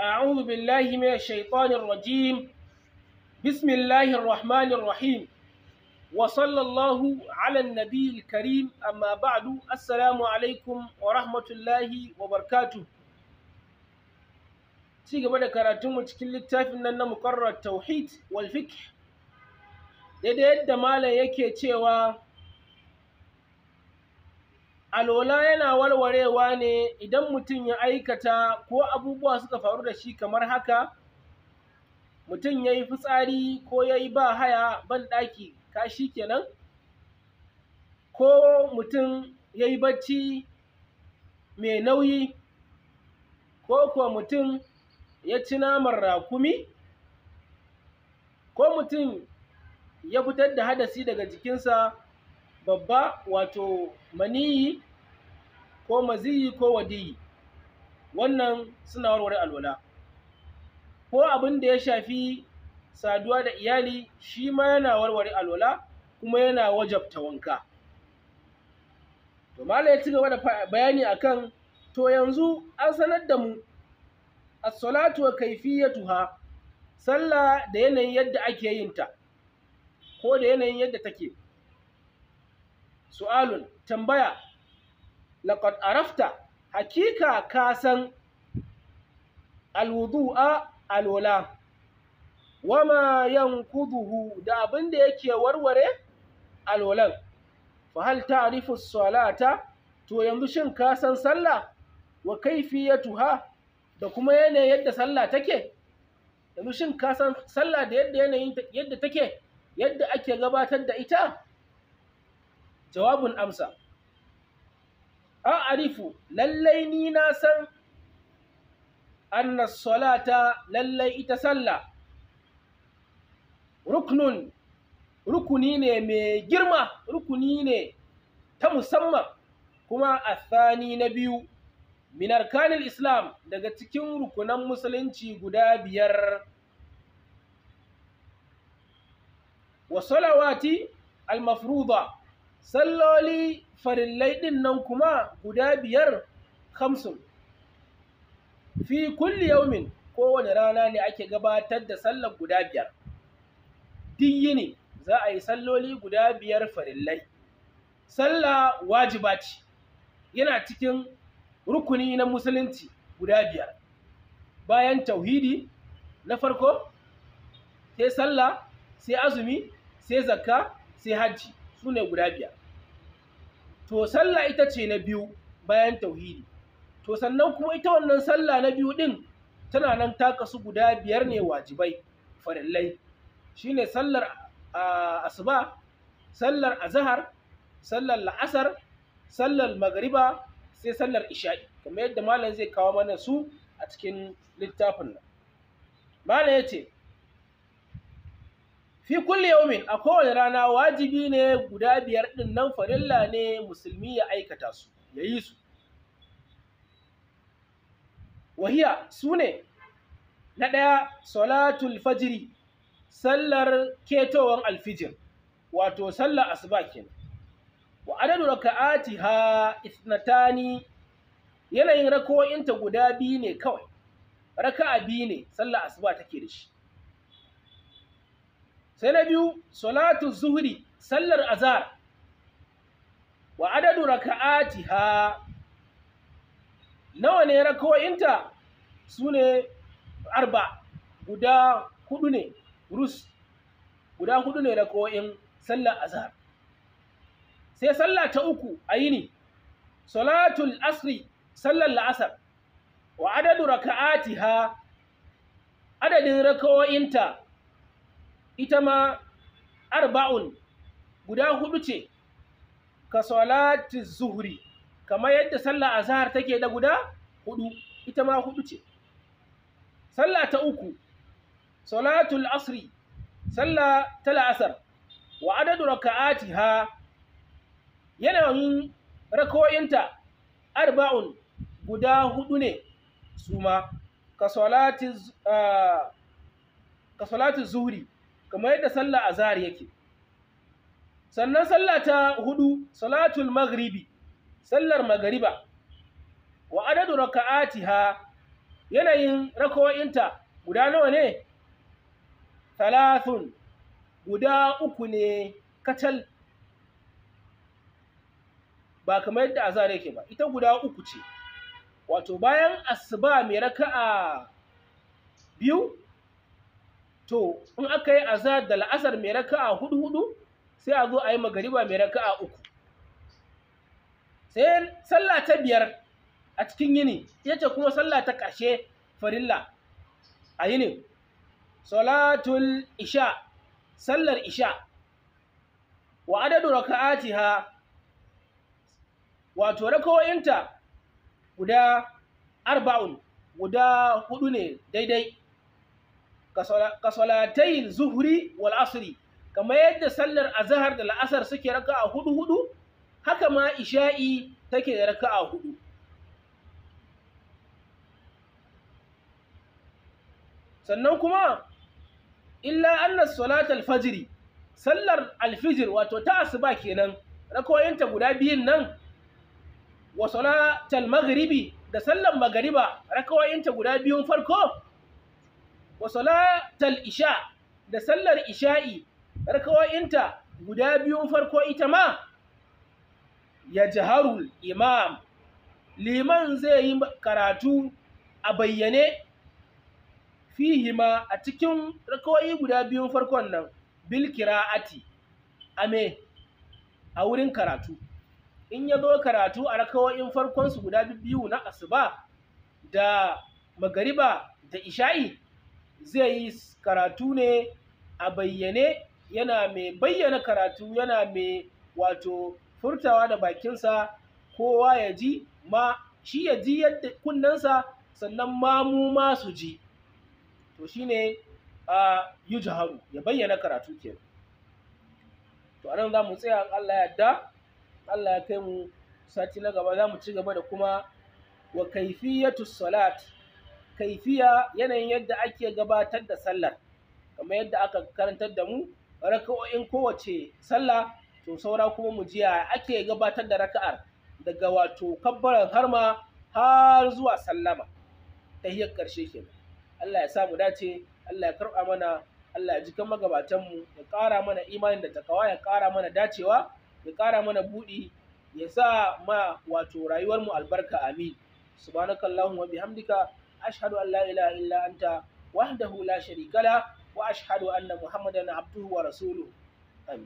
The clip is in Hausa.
أعوذ بالله من الشيطان الرجيم بسم الله الرحمن الرحيم وصلى الله على النبي الكريم أما بعد السلام عليكم ورحمة الله وبركاته ci gaba da karatunmu cikin littafin nan na mukarrar tauhid wal fiqh daidai yadda malam yake cewa Alola yana warwarewa ne idan mutum ya aikata ko abubuwa suka faru da shi kamar haka, mutum ya yi fitsari ko ya yi ba haya ban ɗaki kashi kenan, ko mutum ya yi bacci mai nauyi, ko kuwa mutum ya ci naman rakumi, ko mutum ya fitar da hadasi daga jikinsa. babba wato maniyi ko maziyi ko wadiyi wannan suna warware alwala ko abin da ya shafi saduwa da iyali shi ma yana warware alwala kuma yana wajabta wanka to malai ya ci gaba da bayani akan to yanzu an sanar da mu as-salatu wa kayfiyatuha sallah da yanayin yadda ake yin ta ko da yanayin yadda take su'alun tambaya laqad arafta hakika ka san alwudu'a alwala wama yanquduhu da abin da yake warware alwalan fa hal ta'rifu salata to yanzu shin ka san sallah wa tuha, da kuma yanayin yadda sallah take yanzu shin ka san sallah da yadda yanayin yadda take yadda ake gabatar da ita Jawabin amsa a'arifu lallai ni na san anna salata lallai ita sallah ruknun rukuni ne mai girma rukuni ne ta musamman kuma athani na biyu min islam daga cikin rukunan musulunci guda biyar wa salawati al-mafruḍa salloli farillai ɗin nan kuma guda biyar hamsin fi kulli yaumin kowane rana ne ake gabatar da sallar guda biyar duk yini za a yi salloli guda biyar farillai sallah wajiba ce yana cikin rukuni na musulunci guda biyar bayan tauhidi na farko sai sallah sai azumi sai zakka sai hajji su guda biyar to sallah ita ce na biyu bayan tauhidi to sannan kuma ita wannan sallah na biyu ɗin tana nan ta kasu guda biyar ne wajibai farillai shine sallar asuba sallar azahar sallar la'asar sallar magariba sai sallar isha'i kamar yadda malam zai kawo mana su a cikin littafin nan malam yace. fi kulli yaumin a kowane rana wajibi ne guda biyar din nan farilla ne musulmi ya aikata su ya yi su wahiya su ne na ɗaya salatul fajiri sallar ketowar alfijir wato sallar asuba kenan wa adadu ha Isnatani. yanayin rako'inta guda biyu ne kawai raka'a biyu ne sallar asuba take da shi sai na biyu salatu zuhri sallar Azar wa adadu raka'atiha nawa ne rakawoyinta su ne arba guda hudu ne rus guda hudu ne rakawoyin sallar Azar. sai sallah ta uku a yini salatul asri sallar la'asar wa adadu raka'atiha adadin rakawoyinta ita ma arba'un guda hudu ce ka salati zuhri kamar yadda sallah azhar take da guda hudu ita ma hudu ce sallah ta uku salatul asri sallah ta la'asar wa adadu raka'atiha yanayin rak'o'inta arba'un guda hudu ne su ma ka salati ah, zuhri kamar yadda sallah azhar yake sannan sallah ta hudu salatul maghribi sallar magariba wa adadu raka'atiha yanayin rakawoyinta guda nawa ne talatin guda uku ne kacal ba kamar yadda azhar yake ba ita guda uku ce wato bayan asuba mai raka'a biyu to in aka yi azhar da la'asar mai raka'a hudu hudu sai a zo a yi magariba mai raka'a uku sai salla ta biyar a cikin yini ya ce kuma salla ta ƙarshe farilla a yini salatul isha sallar isha wa adadu ha? wato raka'o'inta guda arba'un guda hudu ne daidai kasolatayin zuhri wal asiri kamar yadda sallar azahar da la'asar suke raka'a hudu hudu haka ma isha'i take raka a hudu sannan kuma illa anna salat al sallar Alfijir wato ta asuba kenan rakoyinta guda biyun nan wa salat al da sallar magariba rakoyinta guda biyun farko wa salatal isha da sallar isha'i rakao'inta guda biyun farko ita ma ya jaharul imam liman zai yi karatu a bayyane ma a cikin rakawoyi guda biyun farkon nan Bilkira ati ame a wurin karatu in ya zo karatu a farkon farkonsu guda biyu na asuba da magariba da isha'i zai yi karatu ne a bayyane yana mai bayyana karatu yana mai wato furtawa da bakinsa kowa ya ji ma shi ya ji yadda kunnensa sannan ma mu ma su ji to shi ne a yi jiharu ya bayyana karatu ke. to anan za mu tsaya Allah ya da Allah ya kai mu sati na gaba za mu ci gaba da kuma wa kaifiyatu salat kaifiya yanayin yadda ake gabatar da sallar kamar yadda aka karantar da mu raka'o'in kowace sallah to saura kuma mu jiya ake gabatar da raka'ar daga wato kabbaran harma har zuwa sallama hiyar karshe kenan Allah ya sa mu dace Allah ya karɓa mana Allah ya jikan magabatan mu ya ƙara mana imanin da takawa ya ƙara mana dacewa ya ƙara mana buɗi ya sa ma wato rayuwar mu albarka amin subhanakallahumma bihamdika ashhadu an la ilaha illa anta wahdahu la sharika la wa ashhadu anna muhammadan abduhu wa